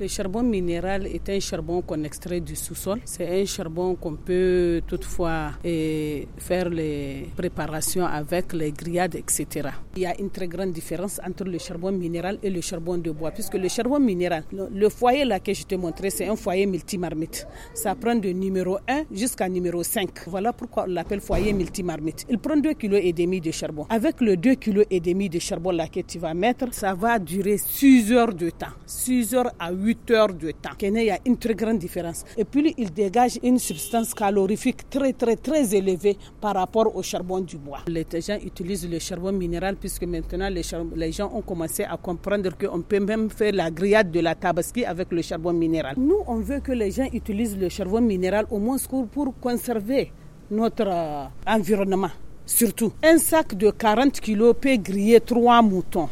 Le charbon minéral est un charbon qu'on extrait du sous-sol. C'est un charbon qu'on peut toutefois euh, faire les préparations avec les grillades, etc. Il y a une très grande différence entre le charbon minéral et le charbon de bois, puisque le charbon minéral, le foyer là que je te montrais, c'est un foyer multimarmite. Ça prend de numéro 1 jusqu'à numéro 5. Voilà pourquoi on l'appelle foyer multimarmite. Il prend 2,5 kg de charbon. Avec le 2,5 kg de charbon là que tu vas mettre, ça va durer 6 heures de temps, 6 heures à 8 8 heures de temps. Il y a une très grande différence. Et puis, il dégage une substance calorifique très, très, très élevée par rapport au charbon du bois. Les gens utilisent le charbon minéral puisque maintenant, les, gens ont commencé à comprendre qu'on peut même faire la grillade de la tabaski avec le charbon minéral. Nous, on veut que les gens utilisent le charbon minéral au moins pour conserver notre euh, environnement. Surtout, un sac de 40 kg peut griller trois moutons.